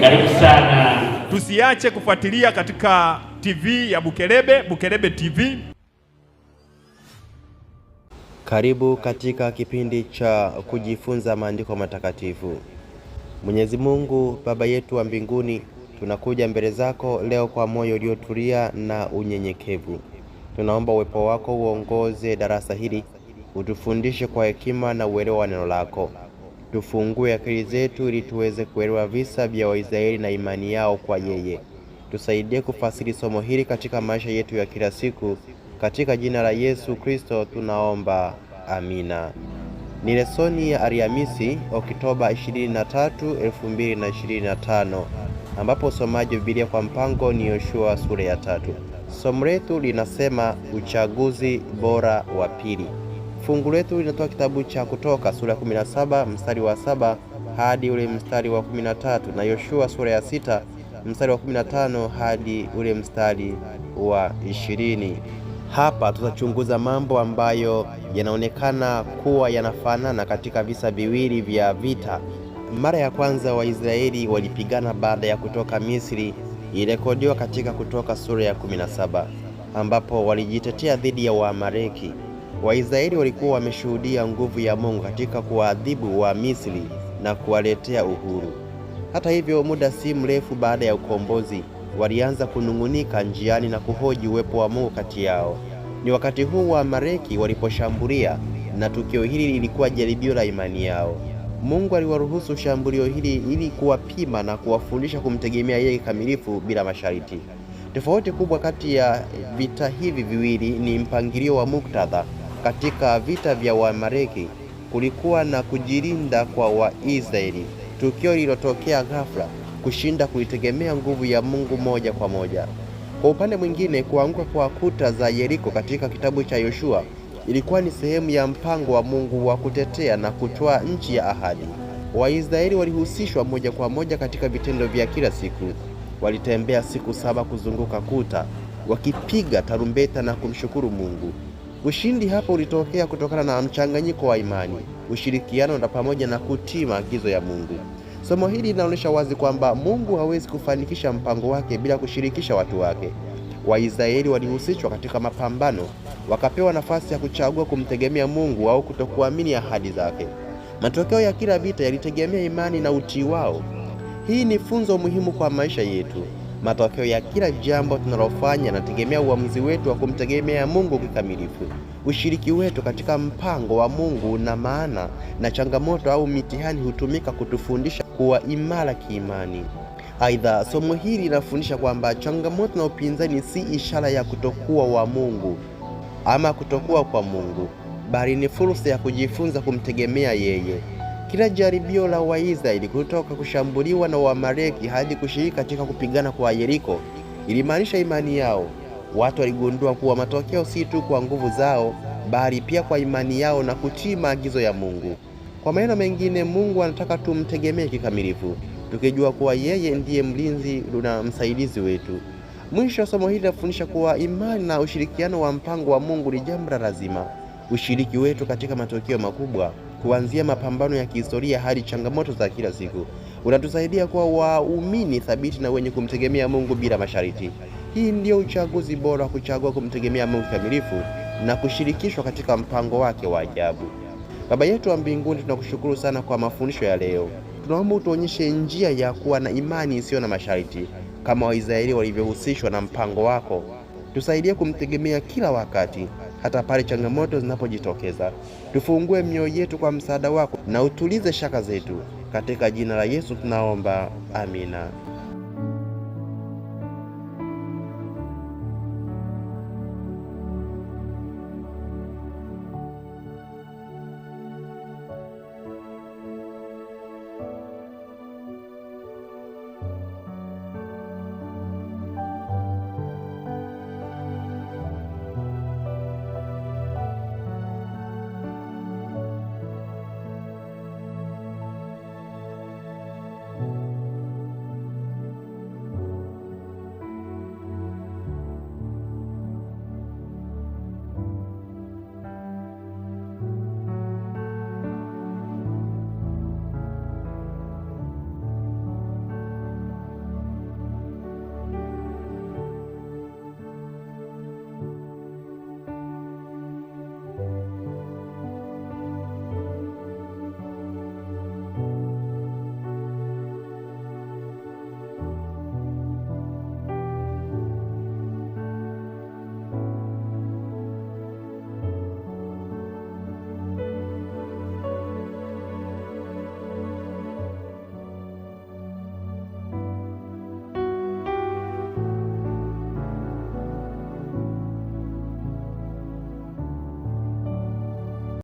Karibu sana. Tusiache kufuatilia katika TV ya Bukelebe, Bukelebe TV. Karibu katika kipindi cha kujifunza maandiko matakatifu. Mwenyezi Mungu Baba yetu wa mbinguni, tunakuja mbele zako leo kwa moyo uliotulia na unyenyekevu. Tunaomba uwepo wako uongoze darasa hili, utufundishe kwa hekima na uelewa wa neno lako Tufungue akili zetu ili tuweze kuelewa visa vya Waisraeli na imani yao kwa yeye. Tusaidie kufasiri somo hili katika maisha yetu ya kila siku. Katika jina la Yesu Kristo tunaomba, amina. Ni lesoni ya Alhamisi, Oktoba 23, 2025 ambapo usomaji wa Biblia kwa mpango ni Yoshua sura ya tatu. Somo letu linasema uchaguzi bora wa pili. Fungu letu linatoa kitabu cha Kutoka sura ya 17 mstari wa saba hadi ule mstari wa 13 na Yoshua sura ya sita mstari wa 15 hadi ule mstari wa ishirini. Hapa tutachunguza mambo ambayo yanaonekana kuwa yanafanana katika visa viwili vya vita. Mara ya kwanza Waisraeli walipigana baada ya kutoka Misri irekodiwa katika Kutoka sura ya 17 ambapo walijitetea dhidi ya Waamaleki. Waisraeli walikuwa wameshuhudia nguvu ya Mungu katika kuwaadhibu wa Misri na kuwaletea uhuru. Hata hivyo, muda si mrefu baada ya ukombozi, walianza kunung'unika njiani na kuhoji uwepo wa Mungu kati yao. Ni wakati huu wa Amaleki waliposhambulia, na tukio hili lilikuwa jaribio la imani yao. Mungu aliwaruhusu shambulio hili ili kuwapima na kuwafundisha kumtegemea yeye kikamilifu bila masharti. Tofauti kubwa kati ya vita hivi viwili ni mpangilio wa muktadha katika vita vya Waamaleki kulikuwa na kujilinda kwa Waisraeli, tukio lilotokea ghafla, kushinda kuitegemea nguvu ya Mungu moja kwa moja. Kwa upande mwingine, kuanguka kwa kuta za Yeriko katika kitabu cha Yoshua ilikuwa ni sehemu ya mpango wa Mungu wa kutetea na kutwaa nchi ya ahadi. Waisraeli walihusishwa moja kwa moja katika vitendo vya kila siku. Walitembea siku saba kuzunguka kuta wakipiga tarumbeta na kumshukuru Mungu. Ushindi hapo ulitokea kutokana na mchanganyiko wa imani, ushirikiano na pamoja na kutii maagizo ya Mungu. Somo hili linaonyesha wazi kwamba Mungu hawezi kufanikisha mpango wake bila kushirikisha watu wake. Waisraeli walihusishwa katika mapambano, wakapewa nafasi ya kuchagua kumtegemea Mungu au kutokuamini ahadi zake. Matokeo ya kila vita yalitegemea imani na utii wao. Hii ni funzo muhimu kwa maisha yetu. Matokeo ya kila jambo tunalofanya yanategemea uamuzi wetu wa kumtegemea Mungu kikamilifu. Ushiriki wetu katika mpango wa Mungu una maana, na changamoto au mitihani hutumika kutufundisha kuwa imara kiimani. Aidha, somo hili linafundisha kwamba changamoto na upinzani si ishara ya kutokuwa wa Mungu ama kutokuwa kwa Mungu, bali ni fursa ya kujifunza kumtegemea yeye. Kila jaribio la Waisraeli kutoka kushambuliwa na wamareki hadi kushiriki katika kupigana kwa Yeriko ilimaanisha imani yao. Watu waligundua kuwa matokeo si tu kwa nguvu zao, bali pia kwa imani yao na kutii maagizo ya Mungu. Kwa maneno mengine, Mungu anataka tumtegemee kikamilifu, tukijua kuwa yeye ndiye mlinzi na msaidizi wetu. Mwisho, somo hili linafundisha kuwa imani na ushirikiano wa mpango wa Mungu ni jambo la lazima. Ushiriki wetu katika matokeo makubwa kuanzia mapambano ya kihistoria hadi changamoto za kila siku. Unatusaidia kuwa waumini thabiti na wenye kumtegemea Mungu bila masharti. Hii ndiyo uchaguzi bora wa kuchagua kumtegemea Mungu kamilifu na kushirikishwa katika mpango wake wa ajabu. Baba yetu wa mbinguni, tunakushukuru sana kwa mafundisho ya leo. Tunaomba utuonyeshe njia ya kuwa na imani isiyo na masharti kama Waisraeli walivyohusishwa na mpango wako. Tusaidie kumtegemea kila wakati hata pale changamoto zinapojitokeza. Tufungue mioyo yetu kwa msaada wako na utulize shaka zetu. Katika jina la Yesu tunaomba, amina.